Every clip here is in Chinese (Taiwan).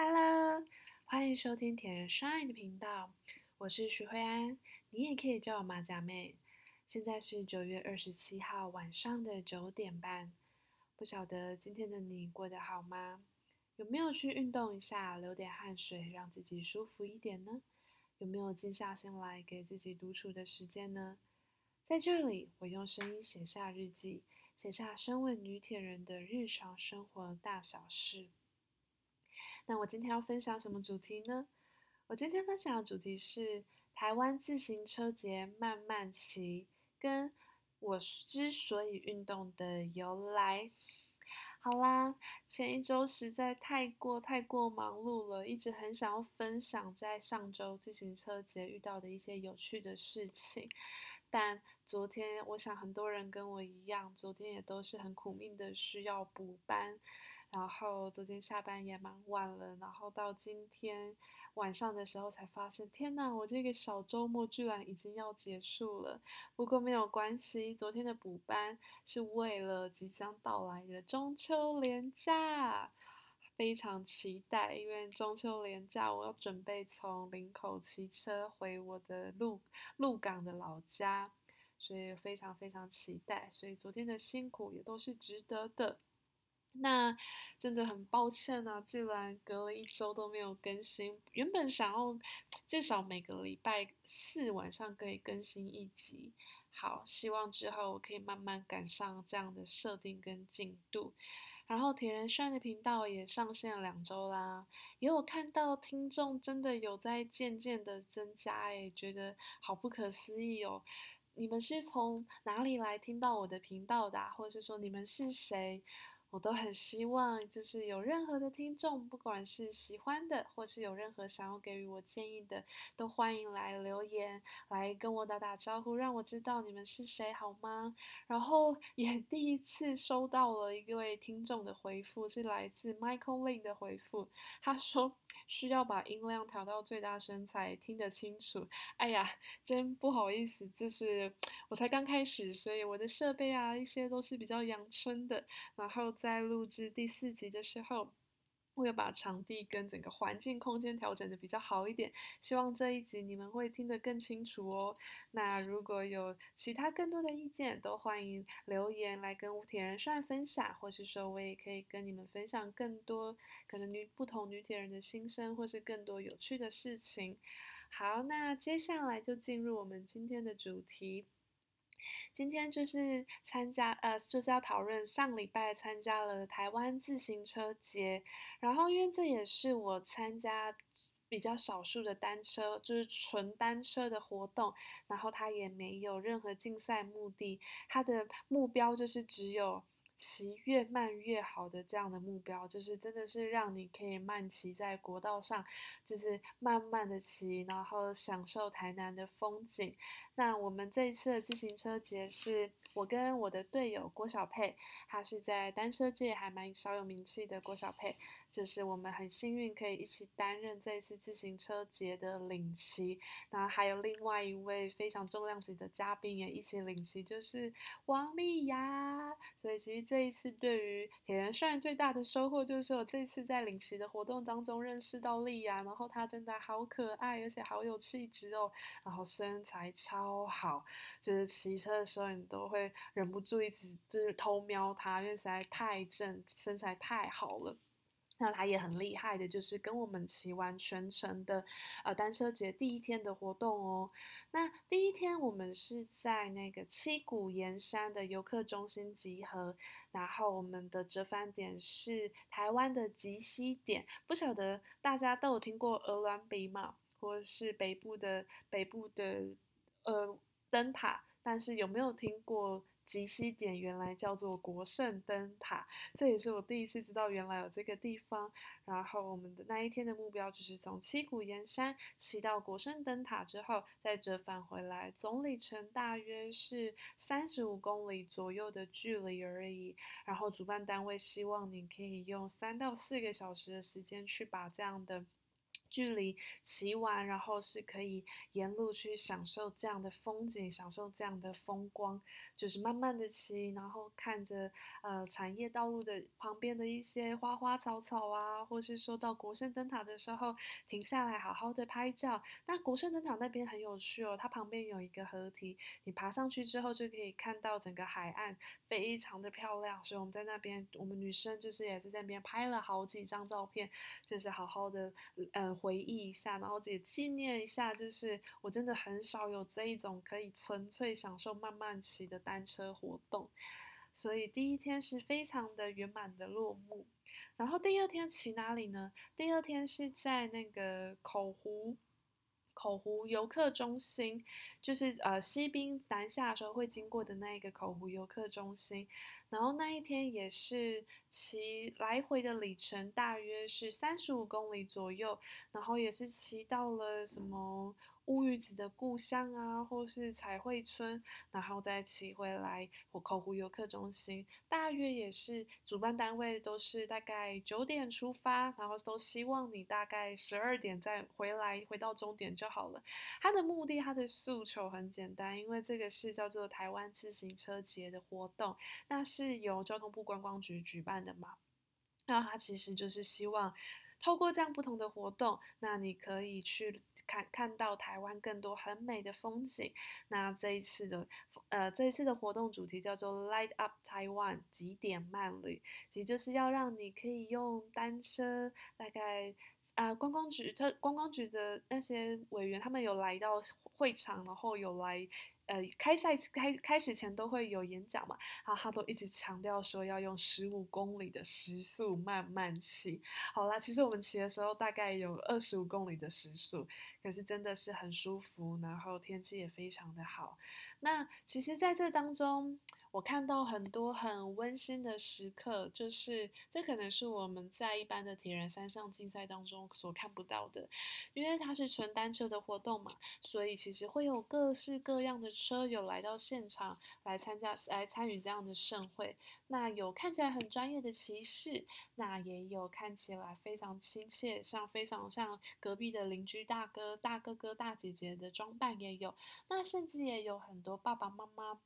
Hello，歡迎收聽鐵人 Shine 的頻道，我是徐慧安，你也可以叫我馬甲妹。現在是九月二十七號晚上的九點半，不曉得今天的你過得好嗎？有沒有去運動一下，流點汗水，讓自己舒服一點呢？有沒有靜下心來給自己獨處的時間呢？在這裡，我用聲音寫下日記，寫下身為女鐵人的日常生活大小事。那我今天要分享什麼主題呢？我今天分享的主題是台灣自行車節慢慢騎，跟我之所以運動的由來。好啦，前一週實在太過太過忙碌了，一直很想要分享在上週自行車節遇到的一些有趣的事情，但昨天我想很多人跟我一樣，昨天也都是很苦命的需要補班。然後昨天下班也蠻晚了，然後到今天晚上的時候才發現，天哪！我這個小周末居然已經要結束了。不過沒有關係，昨天的補班是為了即將到來的中秋連假，非常期待。因為中秋連假，我要準備從林口騎車回我的鹿、鹿港的老家，所以非常非常期待。所以昨天的辛苦也都是值得的。那真的很抱歉呢、啊，居然隔了一週都沒有更新。原本想要至少每個禮拜四晚上可以更新一集，好，希望之後我可以慢慢趕上這樣的設定跟進度。然後鐵人 Shine 的頻道也上線兩週啦，也有看到聽眾真的有在漸漸的增加，誒，覺得好不可思議哦！你們是從哪裡來聽到我的頻道的、啊？或者是說你們是誰？我都很希望，就是有任何的聽眾，不管是喜歡的，或是有任何想要給予我建議的，都歡迎來留言，來跟我打打招呼，讓我知道你們是誰，好嗎？然後也第一次收到了一位聽眾的回復，是來自 Michael Lin 的回復，他說。需要把音量調到最大聲才聽得清楚。哎呀，真不好意思，就是我才剛開始，所以我的設備啊，一些都是比較陽春的。然後在錄製第四集的時候。會要把場地跟整個環境空間調整得比較好一點，希望這一集你們會聽得更清楚哦。那如果有其他更多的意見，都歡迎留言來跟女鐵人 Shine 分享，或是說我也可以跟你們分享更多可能女不同女鐵人的心聲，或是更多有趣的事情。好，那接下來就進入我們今天的主題。今天就是參加，呃，就是要討論上禮拜參加了台灣自行車節，然後因為這也是我參加比較少數的單車，就是純單車的活動，然後他也沒有任何競賽目的，他的目標就是只有。騎越慢越好的這樣的目標，就是真的是讓你可以慢騎在國道上，就是慢慢的騎，然後享受台南的風景。那我們這一次的自行車節，是我跟我的隊友郭小佩，他是在單車界還蠻小有名氣的郭小佩。就是我們很幸運可以一起擔任這一次自行車節的領騎，那還有另外一位非常重量級的嘉賓也一起領騎，就是王麗雅。所以其實這一次對於鐵人，雖然最大的收穫就是我這次在領騎的活動當中認識到麗雅，然後她真的好可愛，而且好有氣質哦，然後身材超好，就是騎車的時候你都會忍不住一直就是偷瞄她，因為實在太正，身材太好了。那他也很厲害的，就是跟我們騎完全程的，呃，單車節第一天的活動哦。那第一天我們是在那個七股鹽山的遊客中心集合，然後我們的折返點是台灣的極西點。不曉得大家都有聽過鵝鑾鼻嗎？或是北部的北部的呃燈塔？但是有沒有聽過？極西點原來叫做國聖燈塔，這也是我第一次知道原來有這個地方。然後我們的那一天的目標就是從七股鹽山騎到國聖燈塔之後再折返回來，總里程大約是三十五公里左右的距離而已。然後主辦單位希望你可以用三到四個小時的時間去把這樣的。距離騎完，然後是可以沿路去享受這樣的風景，享受這樣的風光，就是慢慢的騎，然後看着呃產業道路的旁邊的一些花花草草啊，或是說到國聖燈塔的時候停下來，好好的拍照。那國聖燈塔那邊很有趣哦，它旁邊有一個河堤，你爬上去之後就可以看到整個海岸，非常的漂亮。所以我們在那邊，我們女生就是也在那邊拍了好幾張照片，就是好好的呃回憶一下，然後也紀念一下，就是我真的很少有這一種可以純粹享受慢慢騎的單車活動，所以第一天是非常的圓滿的落幕。然後第二天騎哪裡呢？第二天是在那個口湖。口湖遊客中心，就是呃、西濱南下的時候會經過的那一個口湖遊客中心，然後那一天也是騎來回的里程大約是三十五公里左右，然後也是騎到了什麼。烏魚子的故鄉啊，或是彩繪村，然後再騎回來，火口湖遊客中心，大約也是主辦單位都是大概九點出發，然後都希望你大概十二點再回來，回到終點就好了。他的目的，他的訴求很簡單，因為這個是叫做台灣自行車節的活動，那是由交通部觀光局舉辦的嘛。那他其實就是希望透過這樣不同的活動，那你可以去。看看到台灣更多很美的風景，那這一次的呃，這一次的活動主題叫做 Light Up Taiwan 極點慢旅，也就是要讓你可以用單車，大概啊、呃、觀光局，這觀光局的那些委員他們有來到會場，然後有來。呃，開賽開開始前都會有演講嘛，哈、啊、哈他都一直強調說要用十五公里的時速慢慢騎。好啦，其實我們騎的時候大概有二十五公里的時速，可是真的是很舒服，然後天氣也非常的好。那其實在這當中，我看到很多很溫馨的時刻，就是這可能是我們在一般的鐵人三項競賽當中所看不到的，因為它是純單車的活動嘛，所以其實會有各式各樣的車友來到現場來參加來參與這樣的盛會。那有看起來很專業的騎士，那也有看起來非常親切，像非常像隔壁的鄰居大哥、大哥哥、大姐姐的裝扮也有，那甚至也有很多爸爸媽媽。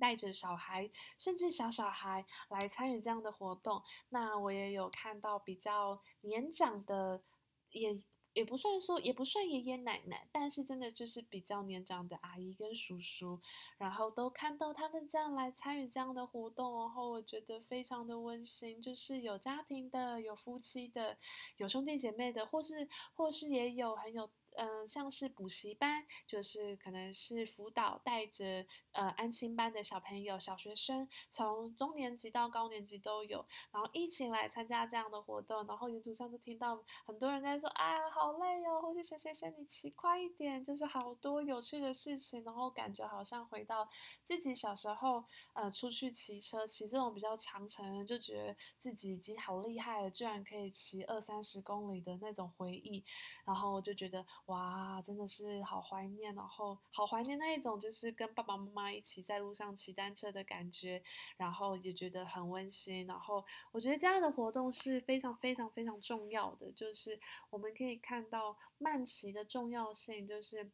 帶着小孩，甚至小小孩來參與這樣的活動，那我也有看到比較年長的，也也不算說，也不算爺爺奶奶，但是真的就是比較年長的阿姨跟叔叔，然後都看到他們這樣來參與這樣的活動，然後我覺得非常的溫馨，就是有家庭的，有夫妻的，有兄弟姐妹的，或是或是也有很有，嗯、呃，像是補習班，就是可能是輔導帶着。呃，安心班的小朋友、小學生，從中年級到高年級都有，然後一起來參加這樣的活動，然後沿途上就聽到很多人在說啊、哎，好累哦，或者誰誰誰你騎快一點，就是好多有趣的事情，然後感覺好像回到自己小時候，呃，出去騎車騎這種比較長程，就覺得自己已經好厲害了，居然可以騎二三十公里的那種回憶，然後我就覺得哇，真的是好懷念，然後好懷念那一種就是跟爸爸媽媽。一起在路上騎單車的感覺，然後也覺得很溫馨。然後我覺得這樣的活動是非常非常非常重要的，就是我們可以看到慢騎的重要性，就是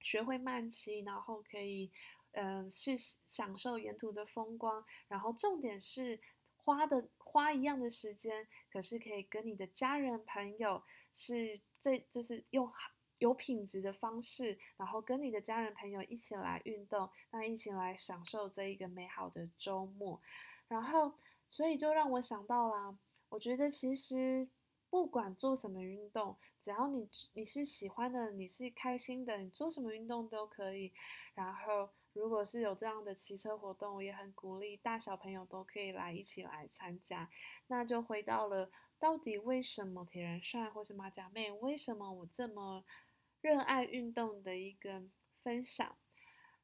學會慢騎，然後可以嗯、呃、去享受沿途的風光。然後重點是花的花一樣的時間，可是可以跟你的家人朋友是最就是用，有品質的方式，然後跟你的家人朋友一起來運動，那一起來享受這一個美好的週末，然後所以就讓我想到啦，我覺得其實不管做什麼運動，只要你你是喜歡的，你是開心的，你做什麼運動都可以。然後如果是有這樣的騎車活動，我也很鼓勵大小朋友都可以來一起來參加。那就回到了到底為什麼鐵人 Shine 或是馬甲妹，為什麼我這麼。熱愛運動的一個分享，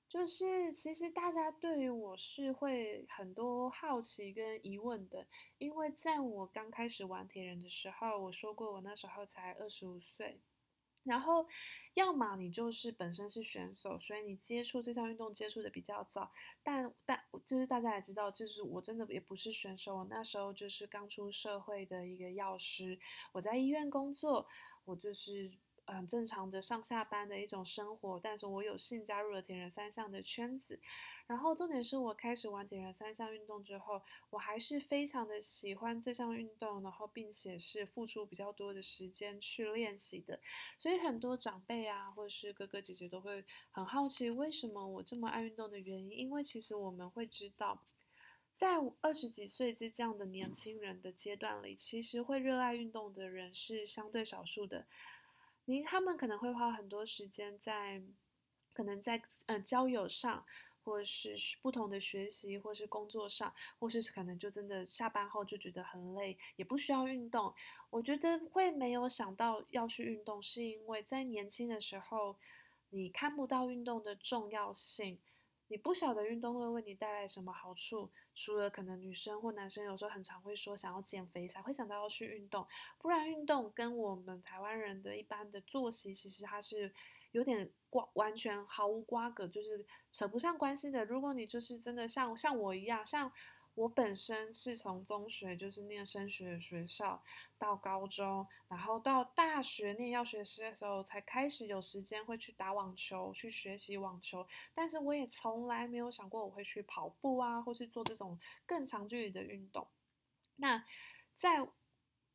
就是其實大家對於我是會很多好奇跟疑問的，因為在我剛開始玩鐵人的時候，我說過我那時候才二十五歲。然後，要麼你就是本身是選手，所以你接觸這項運動接觸得比較早。但但就是大家也知道，就是我真的也不是選手，我那時候就是剛出社會的一個藥師，我在醫院工作，我就是。嗯，正常的上下班的一種生活，但是我有幸加入了鐵人三項的圈子。然後重點是我開始玩鐵人三項運動之後，我還是非常的喜歡這項運動，然後並且是付出比較多的時間去練習的。所以很多長輩啊，或者是哥哥姐姐都會很好奇為什麼我這麼愛運動的原因。因為其實我們會知道，在二十幾歲的這樣的年輕人的階段裡，其實會熱愛運動的人是相對少數的。你他們可能會花很多時間在，可能在呃交友上，或是不同的學習，或是工作上，或是可能就真的下班後就覺得很累，也不需要運動。我覺得會沒有想到要去運動，是因為在年輕的時候，你看不到運動的重要性，你不曉得運動會為你帶來什麼好處。除了可能女生或男生有時候很常會說想要減肥才會想到要去運動，不然運動跟我們台灣人的一般的作息其實它是有點瓜完全毫無瓜葛，就是扯不上關係的。如果你就是真的像像我一樣，像。我本身是從中學就是念升學學校，到高中，然後到大學念藥學系的時候，才開始有時間會去打網球，去學習網球。但是我也從來沒有想過我會去跑步啊，或是做這種更長距離的運動。那在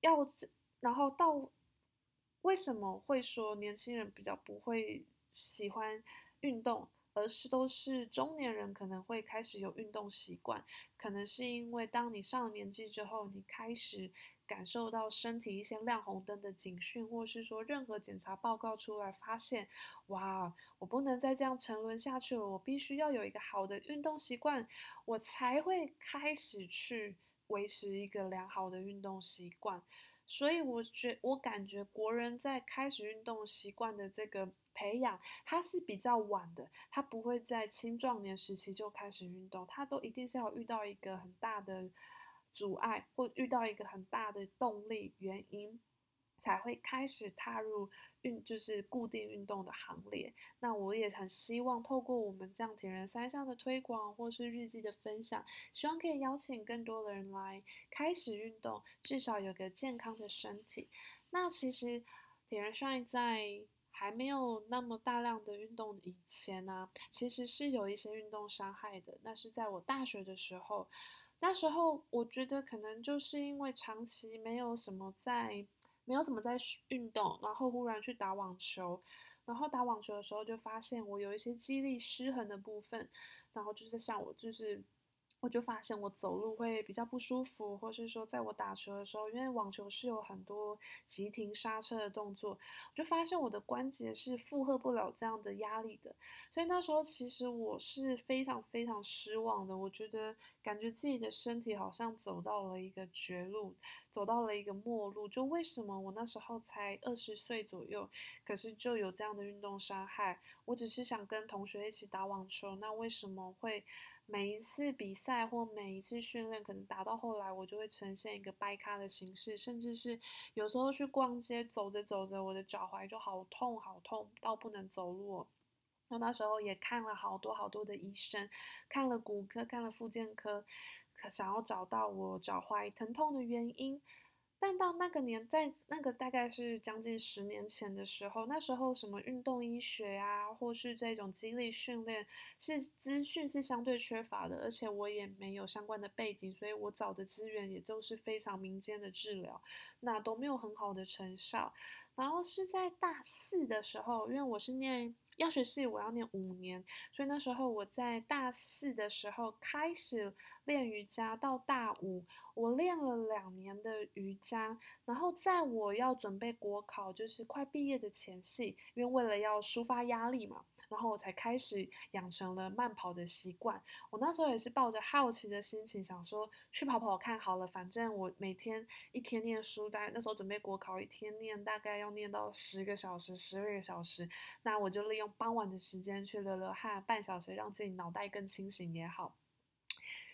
要，然後到為什麼會說年輕人比較不會喜歡運動？而是都是中年人可能會開始有運動習慣，可能是因為當你上了年紀之後，你開始感受到身體一些亮紅燈的警訊，或是說任何檢查報告出來發現，哇，我不能再這樣沉淪下去了，我必須要有一個好的運動習慣，我才會開始去維持一個良好的運動習慣。所以，我覺得我感覺國人在開始運動習慣的這個。培養它是比較晚的，它不會在青壯年時期就開始運動，它都一定是要遇到一個很大的阻礙，或遇到一個很大的動力原因，才會開始踏入運就是固定運動的行列。那我也很希望透過我們這樣鐵人三項的推廣，或是日記的分享，希望可以邀請更多的人來開始運動，至少有個健康的身體。那其實鐵人 Shine 在。還沒有那麼大量的運動以前呢、啊，其實是有一些運動傷害的。那是在我大學的時候，那時候我覺得可能就是因為長期沒有什麼在，沒有什麼在運動，然後忽然去打網球，然後打網球的時候就發現我有一些肌力失衡的部分，然後就是像我就是。我就發現我走路會比較不舒服，或是說在我打球的時候，因為網球是有很多急停剎車的動作，我就發現我的關節是負荷不了這樣的壓力的。所以那時候其實我是非常非常失望的，我覺得感覺自己的身體好像走到了一個絕路，走到了一個末路。就為什麼我那時候才二十歲左右，可是就有這樣的運動傷害？我只是想跟同學一起打網球，那為什麼會？每一次比賽或每一次訓練，可能打到後來，我就會呈現一個掰咖的形式，甚至是有時候去逛街，走着走着，我的腳踝就好痛好痛到不能走路。那那時候也看了好多好多的醫生，看了骨科，看了復健科，可想要找到我腳踝疼痛的原因。但到那個年代，在那個大概是將近十年前的時候，那時候什麼運動醫學啊，或是這種肌力訓練，是資訊是相對缺乏的，而且我也沒有相關的背景，所以我找的資源也都是非常民間的治療，那都沒有很好的成效。然後是在大四的時候，因為我是念藥學系，我要念五年，所以那時候我在大四的時候開始練瑜伽，到大五。我練了兩年的瑜伽，然後在我要準備國考，就是快畢業的前夕，因為為了要抒發壓力嘛，然後我才開始養成了慢跑的習慣。我那時候也是抱着好奇的心情，想說去跑跑看好了，反正我每天一天念書，但那時候準備國考，一天念大概要念到十個小時，十二個小時，那我就利用傍晚的時間去流流汗，半小時讓自己腦袋更清醒也好。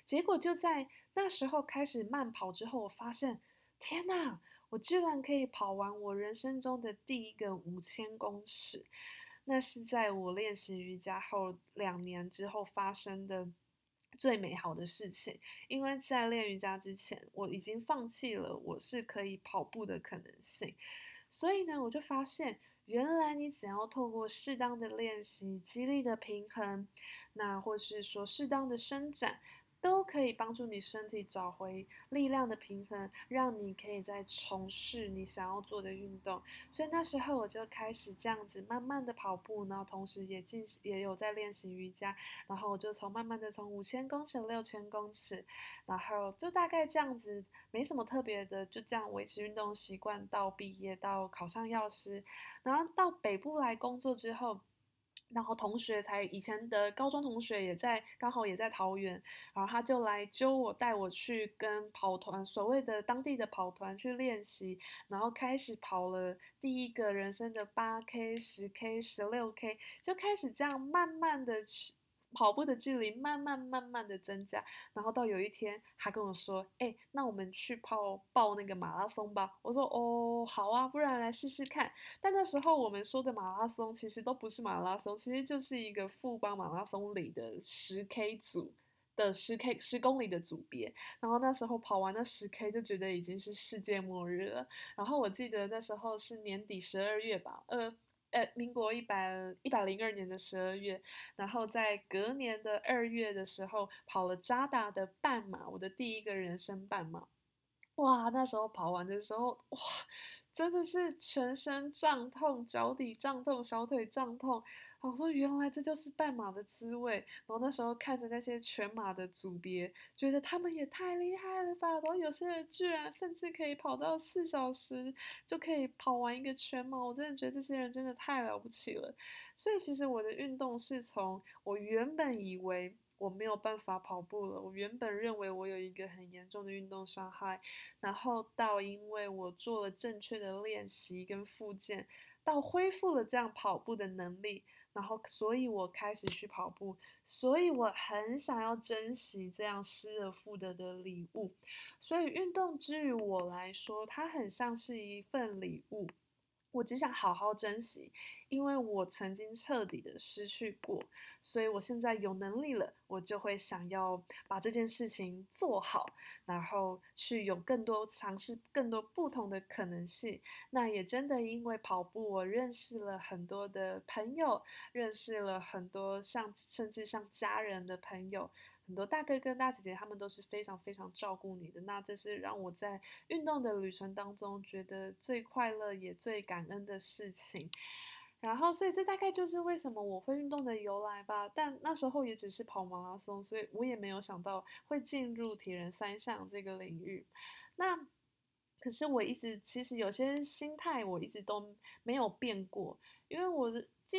結果就在。那時候開始慢跑之後，我發現，天哪！我居然可以跑完我人生中的第一個五千公尺。那是在我練習瑜伽後兩年之後發生的最美好的事情。因為在練瑜伽之前，我已經放棄了我是可以跑步的可能性。所以呢，我就發現，原來你只要透過適當的練習、肌力的平衡，那或是說適當的伸展。都可以幫助你身體找回力量的平衡，讓你可以再從事你想要做的運動。所以那時候我就開始這樣子慢慢的跑步，然後同時也進行也有在練習瑜伽。然後我就從慢慢的從五千公尺、六千公尺，然後就大概這樣子，沒什麼特別的，就這樣維持運動習慣到畢業、到考上藥師，然後到北部來工作之後。然後同學才以前的高中同學也在，剛好也在桃園，然後他就來揪我，帶我去跟跑團，所謂的當地的跑團去練習，然後開始跑了第一個人生的八 K、十 K、十六 K，就開始這樣慢慢的去。跑步的距離慢慢慢慢的增加，然後到有一天，他跟我說：“哎、欸，那我們去跑報那個馬拉松吧。”我說：“哦，好啊，不然來試試看。”但那時候我們說的馬拉松其實都不是馬拉松，其實就是一個富邦馬拉松裡的十 K 組的十 K 十公里的組別。然後那時候跑完了十 K，就覺得已經是世界末日了。然後我記得那時候是年底十二月吧，呃、嗯。呃，民國一百一百零二年的十二月，然後在隔年的二月的時候，跑了渣打的半馬，我的第一個人生半馬。哇，那時候跑完的時候，哇，真的是全身脹痛，腳底脹痛，小腿脹痛。我說，原來這就是半馬的滋味。然後那時候看着那些全馬的組別，覺得他們也太厲害了吧！然後有些人居然甚至可以跑到四小時就可以跑完一個全馬，我真的覺得這些人真的太了不起了。所以其實我的運動是從我原本以為我沒有辦法跑步了，我原本認為我有一個很嚴重的運動傷害，然後到因為我做了正確的練習跟復健。到恢復了這樣跑步的能力，然後，所以我開始去跑步，所以我很想要珍惜這樣失而復得的禮物。所以，運動之於我來說，它很像是一份禮物。我只想好好珍惜，因為我曾經徹底的失去過，所以我現在有能力了，我就會想要把這件事情做好，然後去有更多嘗試、更多不同的可能性。那也真的因為跑步，我認識了很多的朋友，認識了很多像甚至像家人的朋友。很多大哥哥、大姐姐，他們都是非常非常照顧你的，那這是讓我在運動的旅程當中覺得最快樂也最感恩的事情。然後，所以這大概就是為什麼我會運動的由來吧。但那時候也只是跑馬拉松，所以我也沒有想到會進入鐵人三項這個領域。那可是我一直其實有些心態我一直都沒有變過，因為我的這。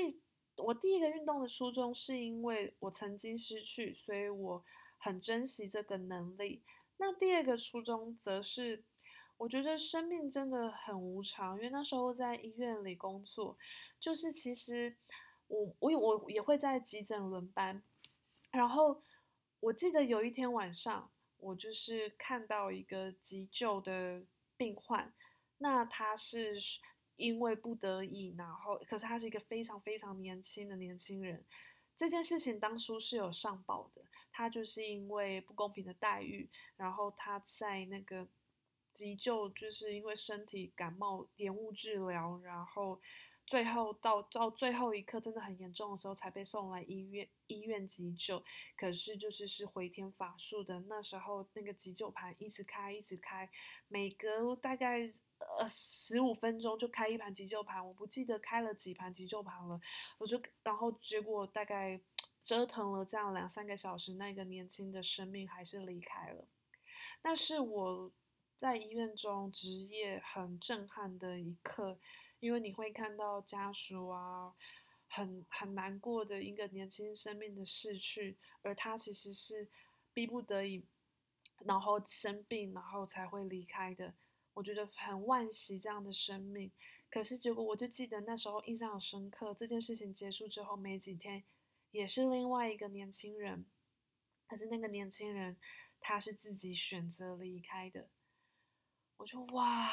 我第一個運動的初衷是因為我曾經失去，所以我很珍惜這個能力。那第二個初衷則是，我覺得生命真的很無常，因為那時候在醫院裡工作，就是其實我我有我也會在急診輪班，然後我記得有一天晚上，我就是看到一個急救的病患，那他是。因為不得已，然後，可是，他是一個非常非常年輕的年輕人。這件事情當初是有上報的，他就是因為不公平的待遇，然後他在那個急救，就是因為身體感冒延誤治療，然後。最後到到最後一刻，真的很嚴重的時候，才被送來醫院醫院急救。可是就是是回天乏術的，那時候那個急救盤一直開一直開，每隔大概呃十五分鐘就開一盤急救盤，我不記得開了幾盤急救盤了。我就然後結果大概折騰了這樣兩三個小時，那個年輕的生命還是離開了。但是我在醫院中職業很震撼的一刻。因為你會看到家屬啊，很很難過的一個年輕生命的逝去，而他其實是逼不得已，然後生病，然後才會離開的。我覺得很惋惜這樣的生命。可是結果我就記得那時候印象很深刻，這件事情結束之後沒幾天，也是另外一個年輕人，可是那個年輕人他是自己選擇離開的。我就哇。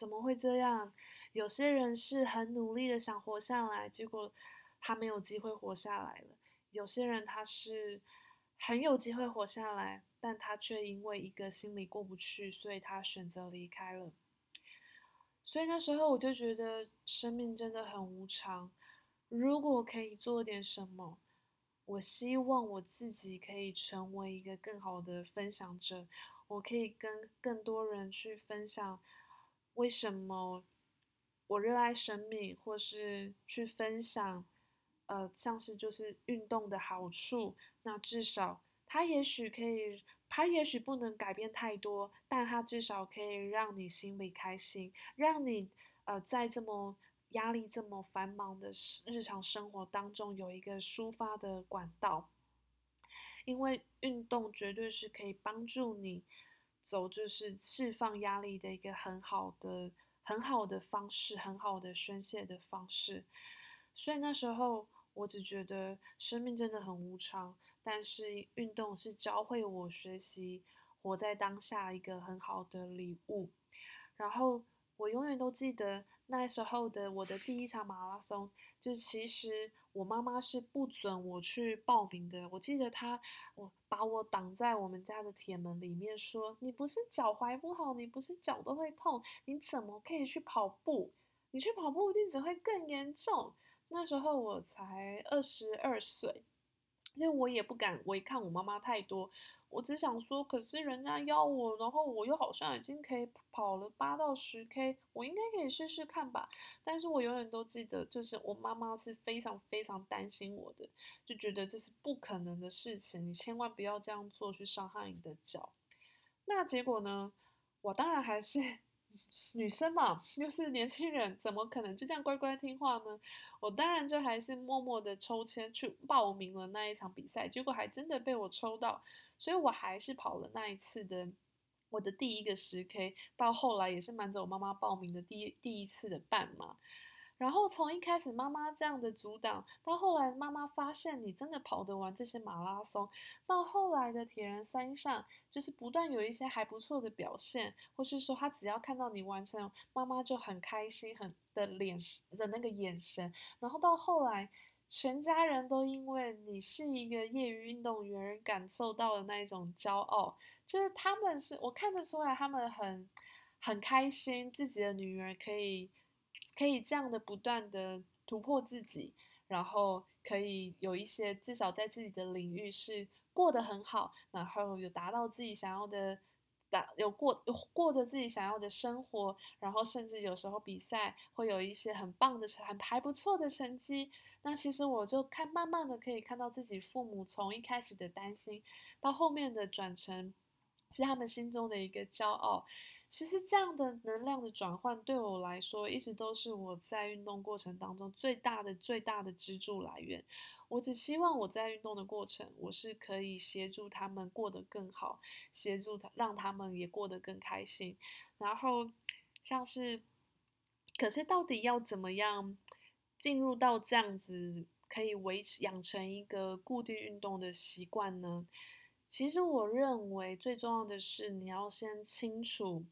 怎麼會這樣？有些人是很努力的想活下來，結果他沒有機會活下來了。有些人他是很有機會活下來，但他卻因為一個心理過不去，所以他選擇離開了。所以那時候我就覺得生命真的很無常。如果可以做點什麼，我希望我自己可以成為一個更好的分享者，我可以跟更多人去分享。為什麼我熱愛生命，或是去分享？呃，像是就是運動的好處，那至少它也許可以，它也許不能改變太多，但它至少可以讓你心裡開心，讓你呃在這麼壓力這麼繁忙的日常生活當中有一個抒發的管道。因為運動絕對是可以幫助你。走就是釋放壓力的一個很好的、很好的方式，很好的宣洩的方式。所以那時候我只覺得生命真的很無常，但是運動是教會我學習活在當下一個很好的禮物。然後我永遠都記得，那時候的我的第一場馬拉松，就其實我媽媽是不准我去報名的。我記得她，我把我擋在我們家的鐵門裡面，說：“你不是腳踝不好，你不是腳都會痛，你怎麼可以去跑步？你去跑步，一定只會更嚴重。”那時候我才二十二歲。因為我也不敢違抗我，我媽媽太多，我只想說，可是人家邀我，然後我又好像已經可以跑了八到十 K，我應該可以試試看吧。但是我永遠都記得，就是我媽媽是非常非常擔心我的，就覺得這是不可能的事情，你千萬不要這樣做，去傷害你的腳。那結果呢？我當然還是。女生嘛，又是年輕人，怎麼可能就這樣乖乖聽話呢？我當然就還是默默地抽籤去報名了那一場比賽，結果還真的被我抽到，所以我還是跑了那一次的我的第一個十 K，到後來也是瞞着我媽媽報名的第第一次的半馬。然後從一開始媽媽這樣的阻擋，到後來媽媽發現你真的跑得完這些馬拉松，到後來的鐵人三項，就是不斷有一些還不錯的表現，或是說他只要看到你完成，媽媽就很開心，很的臉的那個眼神。然後到後來，全家人都因為你是一個業餘運動員，而感受到的那一種驕傲，就是他們是，我看得出來他們很很開心，自己的女兒可以。可以這樣的不斷的突破自己，然後可以有一些至少在自己的領域是過得很好，然後有達到自己想要的，打有過有過着自己想要的生活，然後甚至有時候比賽會有一些很棒的、很還不錯的成績。那其實我就看慢慢的可以看到自己父母從一開始的擔心，到後面的轉成是他們心中的一個驕傲。其實這樣的能量的轉換對我來說，一直都是我在運動過程當中最大的最大的支柱來源。我只希望我在運動的過程，我是可以協助他們過得更好，協助他讓他們也過得更開心。然後，像是，可是到底要怎麼樣進入到這樣子可以維持養成一個固定運動的習慣呢？其實我認為最重要的是你要先清楚。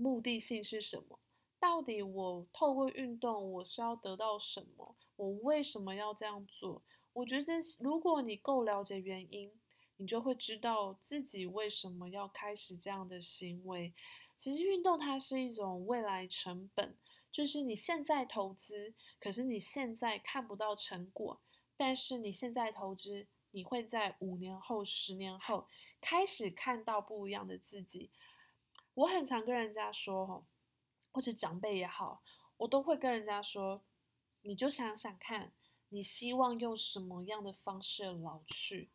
目的性是什麼？到底我透過運動，我是要得到什麼？我為什麼要這樣做？我覺得，如果你夠了解原因，你就會知道自己為什麼要開始這樣的行為。其實，運動它是一種未來成本，就是你現在投資，可是你現在看不到成果，但是你現在投資，你會在五年後、十年後開始看到不一樣的自己。我很常跟人家說，或者長輩也好，我都會跟人家說，你就想想看，你希望用什麼樣的方式老去？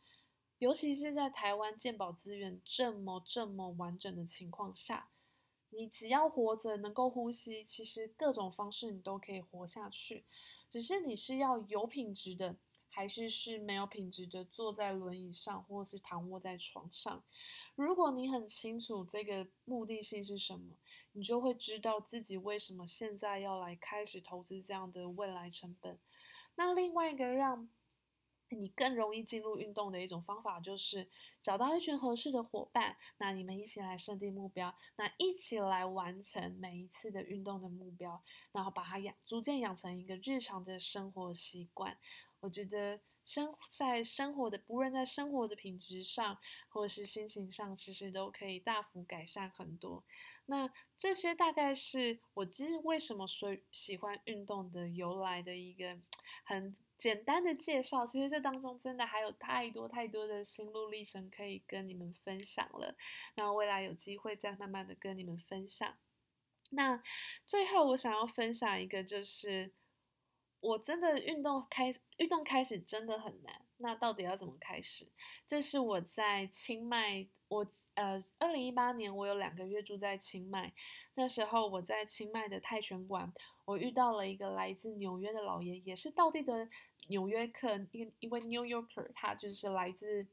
尤其是在台灣健保資源這麼這麼完整的情況下，你只要活着能夠呼吸，其實各種方式你都可以活下去，只是你是要有品質的。還是是沒有品質的坐在輪椅上，或是躺臥在床上。如果你很清楚這個目的性是什麼，你就會知道自己為什麼現在要來開始投資這樣的未來成本。那另外一個讓你更容易進入運動的一種方法，就是找到一群合適的夥伴，那你們一起來設定目標，那一起來完成每一次的運動的目標，然後把它養逐漸養成一個日常的生活習慣。我覺得生活在生活的，不論在生活的品質上，或是心情上，其實都可以大幅改善很多。那這些大概是我之為什麼說喜歡運動的由來的一個很簡單的介紹。其實這當中真的還有太多太多的心路歷程可以跟你們分享了。那未來有機會再慢慢的跟你們分享。那最後我想要分享一個就是。我真的運動，開始運動開始真的很難，那到底要怎麼開始？這是我在清邁，我呃，二零一八年我有兩個月住在清邁，那時候我在清邁的泰拳館，我遇到了一個來自紐約的老爺爺，是道地的紐約客，一位 New Yorker，他就是來自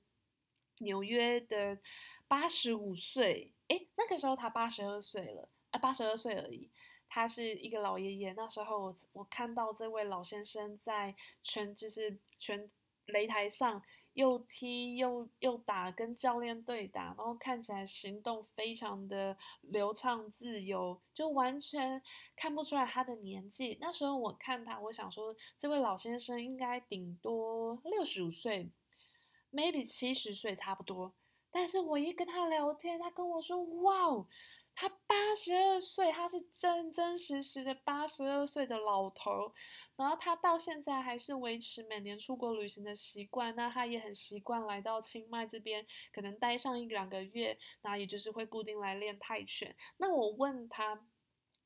紐約的八十五歲，誒，那個時候他八十二歲了，啊八十二歲而已。他是一個老爺爺，那時候我我看到這位老先生在拳就是拳擂台上又踢又又打，跟教練對打，然後看起來行動非常的流暢自由，就完全看不出來他的年紀。那時候我看他，我想說這位老先生應該頂多六十五歲，maybe 七十歲差不多。但是我一跟他聊天，他跟我說：“哇哦。”他八十二歲，他是真真實實的八十二歲的老頭。然後他到現在還是維持每年出國旅行的習慣。那他也很習慣來到清邁這邊，可能待上一兩個月。那也就是會固定來練泰拳。那我問他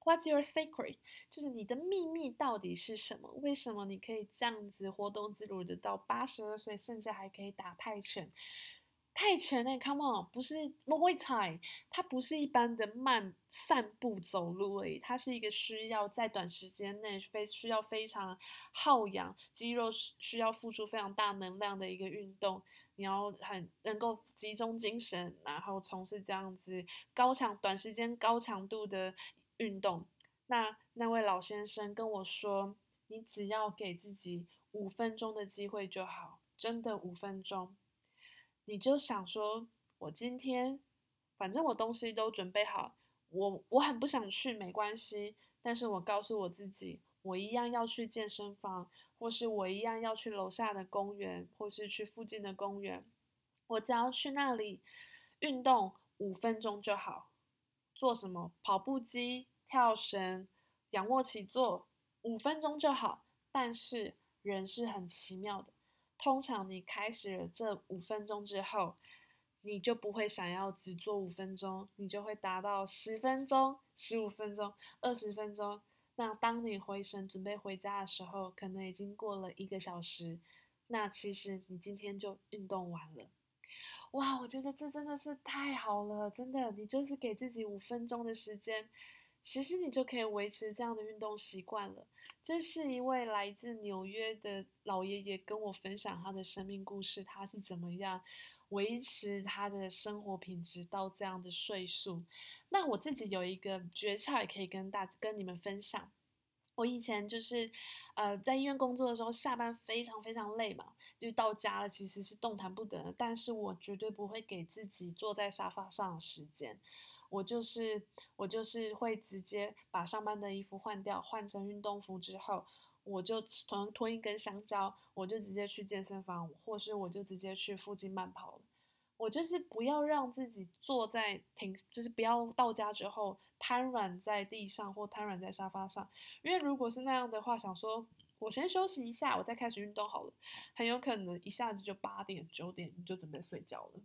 ，What's your secret？就是你的秘密到底是什麼？為什麼你可以這樣子活動自如的到八十二歲，甚至還可以打泰拳？太沉哎，欸、，Come on，不是莫會踩，它不是一般的慢散步走路哎，它是一個需要在短時間內非需要非常耗氧肌肉需要付出非常大能量的一個運動。你要很能夠集中精神，然後從事這樣子高強短時間高強度的運動。那那位老先生跟我說：“你只要給自己五分鐘的機會就好，真的五分鐘。”你就想說，我今天反正我東西都準備好，我我很不想去，沒關係。但是我告訴我自己，我一樣要去健身房，或是我一樣要去樓下的公園，或是去附近的公園。我只要去那裡運動五分鐘就好，做什麼？跑步機、跳繩、仰臥起坐，五分鐘就好。但是人是很奇妙的。通常你開始了這五分鐘之後，你就不會想要只做五分鐘，你就會達到十分鐘、十五分鐘、二十分鐘。那當你回神準備回家的時候，可能已經過了一個小時。那其實你今天就運動完了。哇，我覺得這真的是太好了，真的，你就是給自己五分鐘的時間。其實你就可以維持這樣的運動習慣了。這是一位來自紐約的老爺爺跟我分享他的生命故事，他是怎麼樣維持他的生活品質到這樣的歲數。那我自己有一個訣竅，也可以跟大跟你們分享。我以前就是，呃，在醫院工作的時候，下班非常非常累嘛，就到家了，其實是動彈不得的，但是我絕對不會給自己坐在沙發上的時間。我就是，我就是會直接把上班的衣服換掉，換成運動服之後，我就從吞一根香蕉，我就直接去健身房，或是我就直接去附近慢跑了。我就是不要讓自己坐在停，就是不要到家之後癱軟在地上或癱軟在沙發上，因為如果是那樣的話，想說我先休息一下，我再開始運動好了，很有可能一下子就八點九點你就準備睡覺了。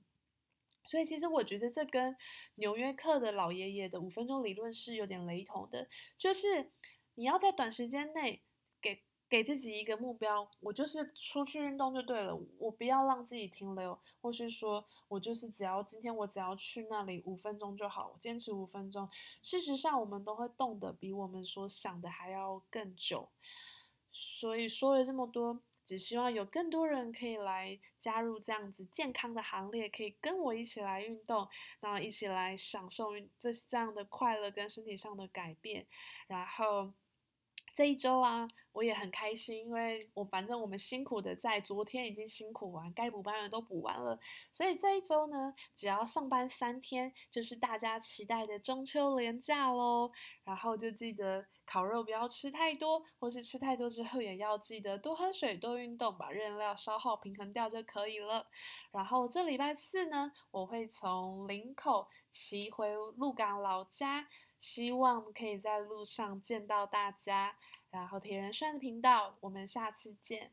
所以其實我覺得這跟紐約客的老爺爺的五分鐘理論是有點雷同的，就是你要在短時間內給給自己一個目標，我就是出去運動就對了，我不要讓自己停留，或是說我就是只要今天我只要去那裡五分鐘就好，我堅持五分鐘。事實上，我們都會動的比我們所想的還要更久。所以說了這麼多。只希望有更多人可以來加入這樣子健康的行列，可以跟我一起來運動，然後一起來享受這這樣的快樂跟身體上的改變，然後。這一周啊，我也很開心，因為我反正我們辛苦的在，昨天已經辛苦完，該補班的都補完了，所以這一周呢，只要上班三天，就是大家期待的中秋連假嘍。然後就記得烤肉不要吃太多，或是吃太多之後也要記得多喝水、多運動，把熱量消耗平衡掉就可以了。然後這禮拜四呢，我會從林口騎回鹿港老家。希望可以在路上見到大家，然後鐵人 Shine 的頻道，我們下次見。